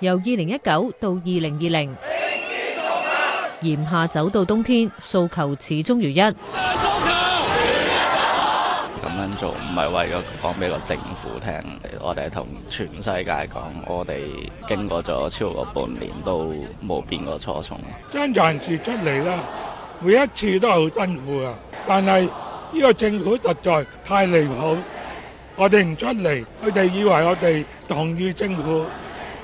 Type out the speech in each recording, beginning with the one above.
由二零一九到二零二零，炎夏走到冬天，訴求始終如一。咁樣做唔係為咗講俾個政府聽，我哋係同全世界講，我哋經過咗超過半年都冇變過初衷。真難處出嚟啦，每一次都係好辛苦啊！但係呢個政府實在太離譜，我哋唔出嚟，佢哋以為我哋同意政府。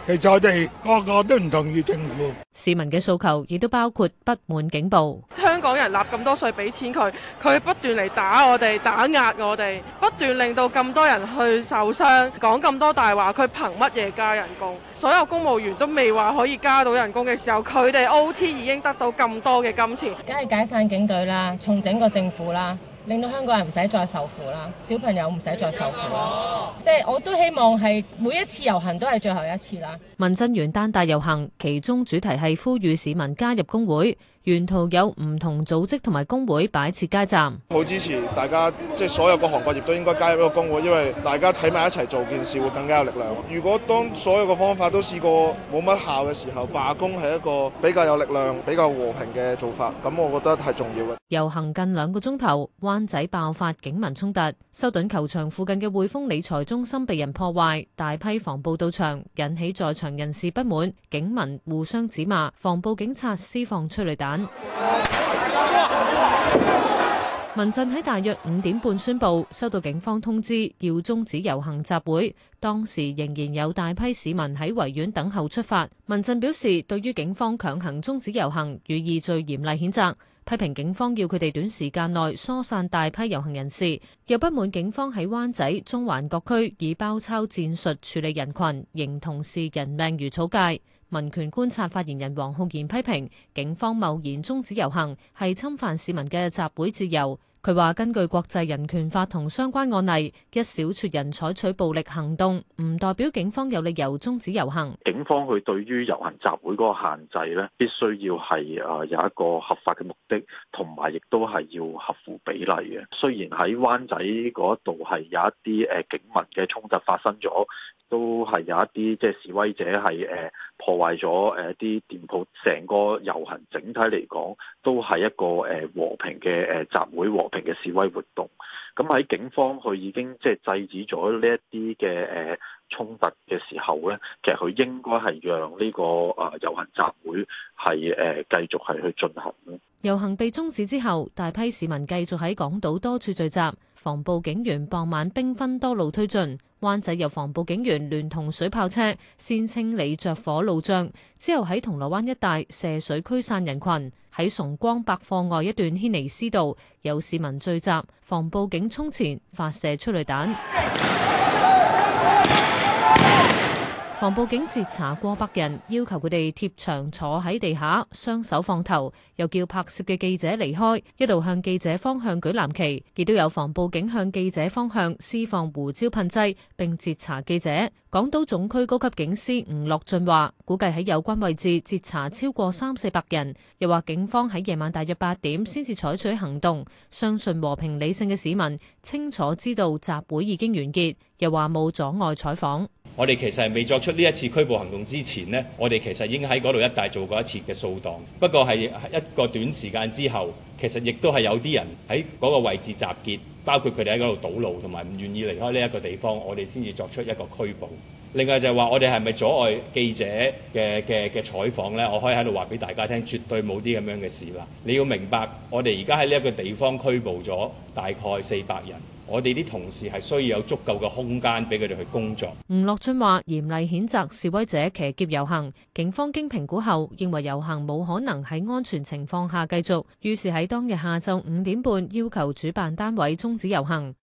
其實我哋個個都唔同意政府，市民嘅訴求亦都包括不滿警暴。香港人納咁多稅俾錢佢，佢不斷嚟打我哋、打壓我哋，不斷令到咁多人去受傷，講咁多大話，佢憑乜嘢加人工？所有公務員都未話可以加到人工嘅時候，佢哋 OT 已經得到咁多嘅金錢。梗係解散警隊啦，重整個政府啦。令到香港人唔使再受苦啦，小朋友唔使再受苦啦，即係我都希望係每一次遊行都係最後一次啦。民陣元旦大遊行，其中主題係呼籲市民加入工會。沿途有唔同組織同埋工會擺設街站，好支持大家，即係所有各行各業都應該加入一個工會，因為大家睇埋一齊做件事會更加有力量。如果當所有嘅方法都試過冇乜效嘅時候，罷工係一個比較有力量、比較和平嘅做法，咁我覺得太重要啦。遊行近兩個鐘頭，灣仔爆發警民衝突，修頓球場附近嘅匯豐理財中心被人破壞，大批防暴到場，引起在場人士不滿，警民互相指罵，防暴警察施放催淚彈。民陣喺大約五點半宣布收到警方通知，要中止遊行集會。當時仍然有大批市民喺維園等候出發。民陣表示，對於警方強行中止遊行，予以最嚴厲譴責，批評警方要佢哋短時間內疏散大批遊行人士，又不滿警方喺灣仔、中環各區以包抄戰術處理人群，形同視「人命如草芥」。民權觀察發言人黃浩然批評警方貿然終止遊行係侵犯市民嘅集會自由。佢話根據國際人權法同相關案例，一小撮人採取暴力行動唔代表警方有理由終止遊行。警方佢對於遊行集會嗰個限制呢，必須要係誒有一個合法嘅目的，同埋亦都係要合乎比例嘅。雖然喺灣仔嗰度係有一啲誒警民嘅衝突發生咗，都係有一啲即係示威者係誒。破壞咗，誒啲店鋪，成個遊行整體嚟講，都係一個誒、呃、和平嘅誒、呃、集會，和平嘅示威活動。咁喺警方佢已經即係制止咗呢一啲嘅誒衝突嘅時候咧，其實佢應該係讓呢個誒遊行集會係誒繼續係去進行咧。遊行被中止之後，大批市民繼續喺港島多處聚集，防暴警員傍晚兵分多路推進，灣仔由防暴警員聯同水炮車先清理着火路障，之後，喺銅鑼灣一帶射水驅散人群，喺崇光百貨外一段軒尼詩道有市民聚集，防暴警。衝前發射催淚彈。防暴警截查過百人，要求佢哋貼牆坐喺地下，雙手放頭，又叫拍攝嘅記者離開，一度向記者方向舉藍旗。亦都有防暴警向記者方向施放胡椒噴劑，並截查記者。港島總區高級警司吳樂俊話，估計喺有關位置截查超過三四百人。又話警方喺夜晚大約八點先至採取行動。相信和平理性嘅市民清楚知道集會已經完結。又話冇阻礙採訪。我哋其實係未作出呢一次拘捕行動之前呢，我哋其實已經喺嗰度一帶做過一次嘅掃蕩，不過係一個短時間之後，其實亦都係有啲人喺嗰個位置集結，包括佢哋喺嗰度堵路同埋唔願意離開呢一個地方，我哋先至作出一個拘捕。另外就係話，我哋係咪阻礙記者嘅嘅嘅採訪咧？我可以喺度話俾大家聽，絕對冇啲咁樣嘅事啦。你要明白，我哋而家喺呢一個地方拘捕咗大概四百人，我哋啲同事係需要有足夠嘅空間俾佢哋去工作。吳樂春話：嚴厲譴責示威者騎劫遊行，警方經評估後認為遊行冇可能喺安全情況下繼續，於是喺當日下晝五點半要求主辦單位中止遊行。